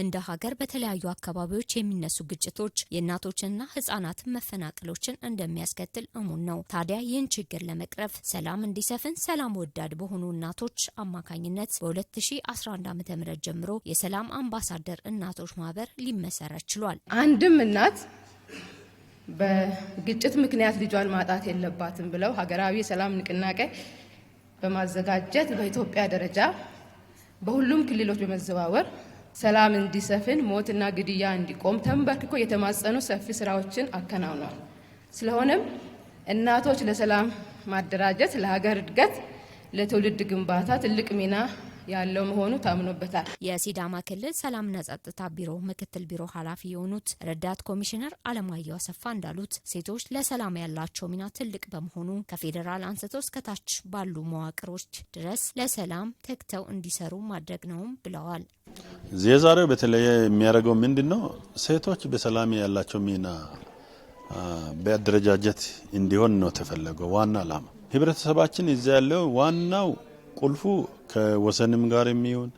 እንደ ሀገር በተለያዩ አካባቢዎች የሚነሱ ግጭቶች የእናቶችንና ህጻናትን መፈናቀሎችን እንደሚያስከትል እሙን ነው። ታዲያ ይህን ችግር ለመቅረፍ ሰላም እንዲሰፍን ሰላም ወዳድ በሆኑ እናቶች አማካኝነት በ2011 ዓ.ም ጀምሮ የሰላም አምባሳደር እናቶች ማህበር ሊመሰረት ችሏል። አንድም እናት በግጭት ምክንያት ልጇን ማጣት የለባትም ብለው ሀገራዊ የሰላም ንቅናቄ በማዘጋጀት በኢትዮጵያ ደረጃ በሁሉም ክልሎች በመዘዋወር ሰላም እንዲሰፍን ሞትና ግድያ እንዲቆም ተንበርክኮ የተማጸኑ ሰፊ ስራዎችን አከናውኗል። ስለሆነም እናቶች ለሰላም ማደራጀት ለሀገር እድገት፣ ለትውልድ ግንባታ ትልቅ ሚና ያለው መሆኑ ታምኖበታል። የሲዳማ ክልል ሰላምና ጸጥታ ቢሮ ምክትል ቢሮ ኃላፊ የሆኑት ረዳት ኮሚሽነር አለማየሁ አሰፋ እንዳሉት ሴቶች ለሰላም ያላቸው ሚና ትልቅ በመሆኑ ከፌዴራል አንስቶ እስከታች ባሉ መዋቅሮች ድረስ ለሰላም ተግተው እንዲሰሩ ማድረግ ነውም ብለዋል። የዛሬው በተለየ የሚያደርገው ምንድን ነው? ሴቶች በሰላም ያላቸው ሚና በአደረጃጀት እንዲሆን ነው ተፈለገው ዋና አላማ ህብረተሰባችን እዚያ ያለው ዋናው ቁልፉ ከወሰንም ጋር የሚሆን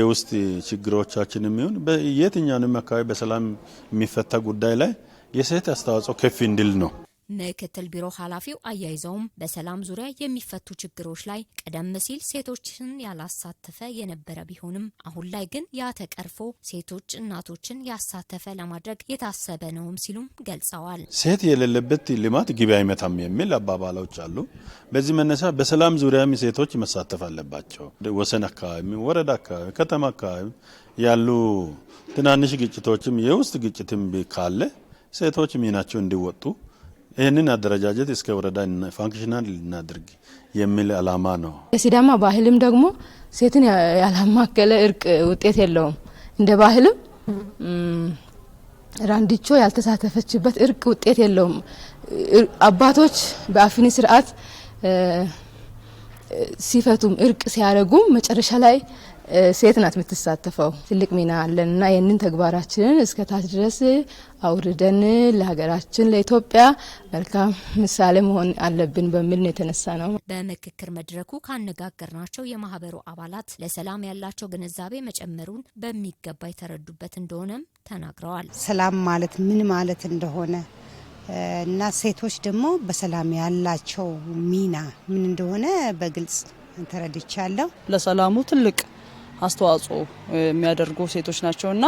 የውስጥ ችግሮቻችን የሚሆን የትኛውንም አካባቢ በሰላም የሚፈታ ጉዳይ ላይ የሴት አስተዋጽኦ ከፍ እንዲል ነው። ምክትል ቢሮ ኃላፊው አያይዘውም በሰላም ዙሪያ የሚፈቱ ችግሮች ላይ ቀደም ሲል ሴቶችን ያላሳተፈ የነበረ ቢሆንም አሁን ላይ ግን ያ ተቀርፎ ሴቶች እናቶችን ያሳተፈ ለማድረግ የታሰበ ነውም ሲሉም ገልጸዋል። ሴት የሌለበት ልማት ግቢ አይመታም የሚል አባባሎች አሉ። በዚህ መነሳ በሰላም ዙሪያም ሴቶች መሳተፍ አለባቸው። ወሰን አካባቢ፣ ወረዳ አካባቢ፣ ከተማ አካባቢ ያሉ ትናንሽ ግጭቶችም የውስጥ ግጭትም ካለ ሴቶች ሚናቸው እንዲወጡ ይህንን አደረጃጀት እስከ ወረዳ ፋንክሽናል ልናድርግ የሚል አላማ ነው። የሲዳማ ባህልም ደግሞ ሴትን ያላማከለ እርቅ ውጤት የለውም። እንደ ባህልም ራንዲቾ ያልተሳተፈችበት እርቅ ውጤት የለውም። አባቶች በአፊኒ ስርዓት ሲፈቱም እርቅ ሲያደርጉም መጨረሻ ላይ ሴት ናት የምትሳተፈው። ትልቅ ሚና አለን እና ይህንን ተግባራችንን እስከ ታች ድረስ አውርደን ለሀገራችን ለኢትዮጵያ መልካም ምሳሌ መሆን አለብን በሚል ነው የተነሳ ነው። በምክክር መድረኩ ካነጋገርናቸው የማህበሩ አባላት ለሰላም ያላቸው ግንዛቤ መጨመሩን በሚገባ የተረዱበት እንደሆነም ተናግረዋል። ሰላም ማለት ምን ማለት እንደሆነ እና ሴቶች ደግሞ በሰላም ያላቸው ሚና ምን እንደሆነ በግልጽ ተረድቻለሁ። ለሰላሙ ትልቅ አስተዋጽኦ የሚያደርጉ ሴቶች ናቸው እና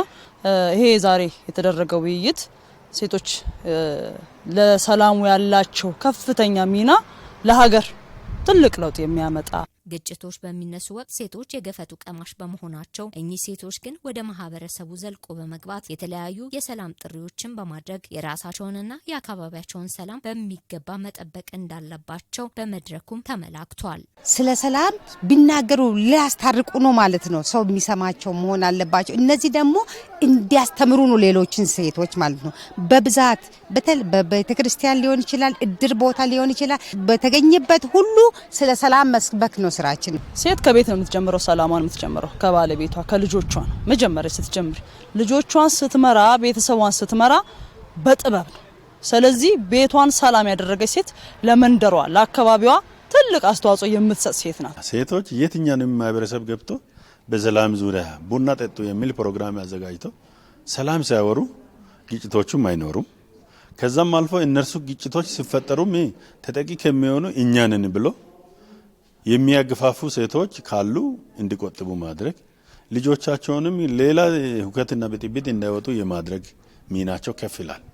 ይሄ ዛሬ የተደረገው ውይይት ሴቶች ለሰላሙ ያላቸው ከፍተኛ ሚና ለሀገር ትልቅ ለውጥ የሚያመጣ ግጭቶች በሚነሱ ወቅት ሴቶች የገፈቱ ቀማሽ በመሆናቸው እኚህ ሴቶች ግን ወደ ማህበረሰቡ ዘልቆ በመግባት የተለያዩ የሰላም ጥሪዎችን በማድረግ የራሳቸውንና የአካባቢያቸውን ሰላም በሚገባ መጠበቅ እንዳለባቸው በመድረኩም ተመላክቷል። ስለ ሰላም ቢናገሩ ሊያስታርቁ ነው ማለት ነው። ሰው የሚሰማቸው መሆን አለባቸው። እነዚህ ደግሞ እንዲያስተምሩ ነው ሌሎችን ሴቶች ማለት ነው። በብዛት በቤተ ክርስቲያን ሊሆን ይችላል፣ እድር ቦታ ሊሆን ይችላል። በተገኘበት ሁሉ ስለ ሰላም መስበክ ነው ስራችን። ሴት ከቤት ነው የምትጀምረው፣ ሰላሟን የምትጀምረው ከባለቤቷ ከልጆቿ ነው መጀመሪያ። ስትጀምር ልጆቿን ስትመራ፣ ቤተሰቧን ስትመራ በጥበብ ነው። ስለዚህ ቤቷን ሰላም ያደረገች ሴት ለመንደሯ፣ ለአካባቢዋ ትልቅ አስተዋጽኦ የምትሰጥ ሴት ናት። ሴቶች የትኛውንም ማህበረሰብ ገብቶ በሰላም ዙሪያ ቡና ጠጡ የሚል ፕሮግራም አዘጋጅተው ሰላም ሲያወሩ ግጭቶቹም አይኖሩም። ከዛም አልፎ እነርሱ ግጭቶች ሲፈጠሩም ተጠቂ ከሚሆኑ እኛንን ብሎ የሚያግፋፉ ሴቶች ካሉ እንዲቆጥቡ ማድረግ፣ ልጆቻቸውንም ሌላ ሁከትና ብጥብጥ እንዳይወጡ የማድረግ ሚናቸው ከፍ ይላል።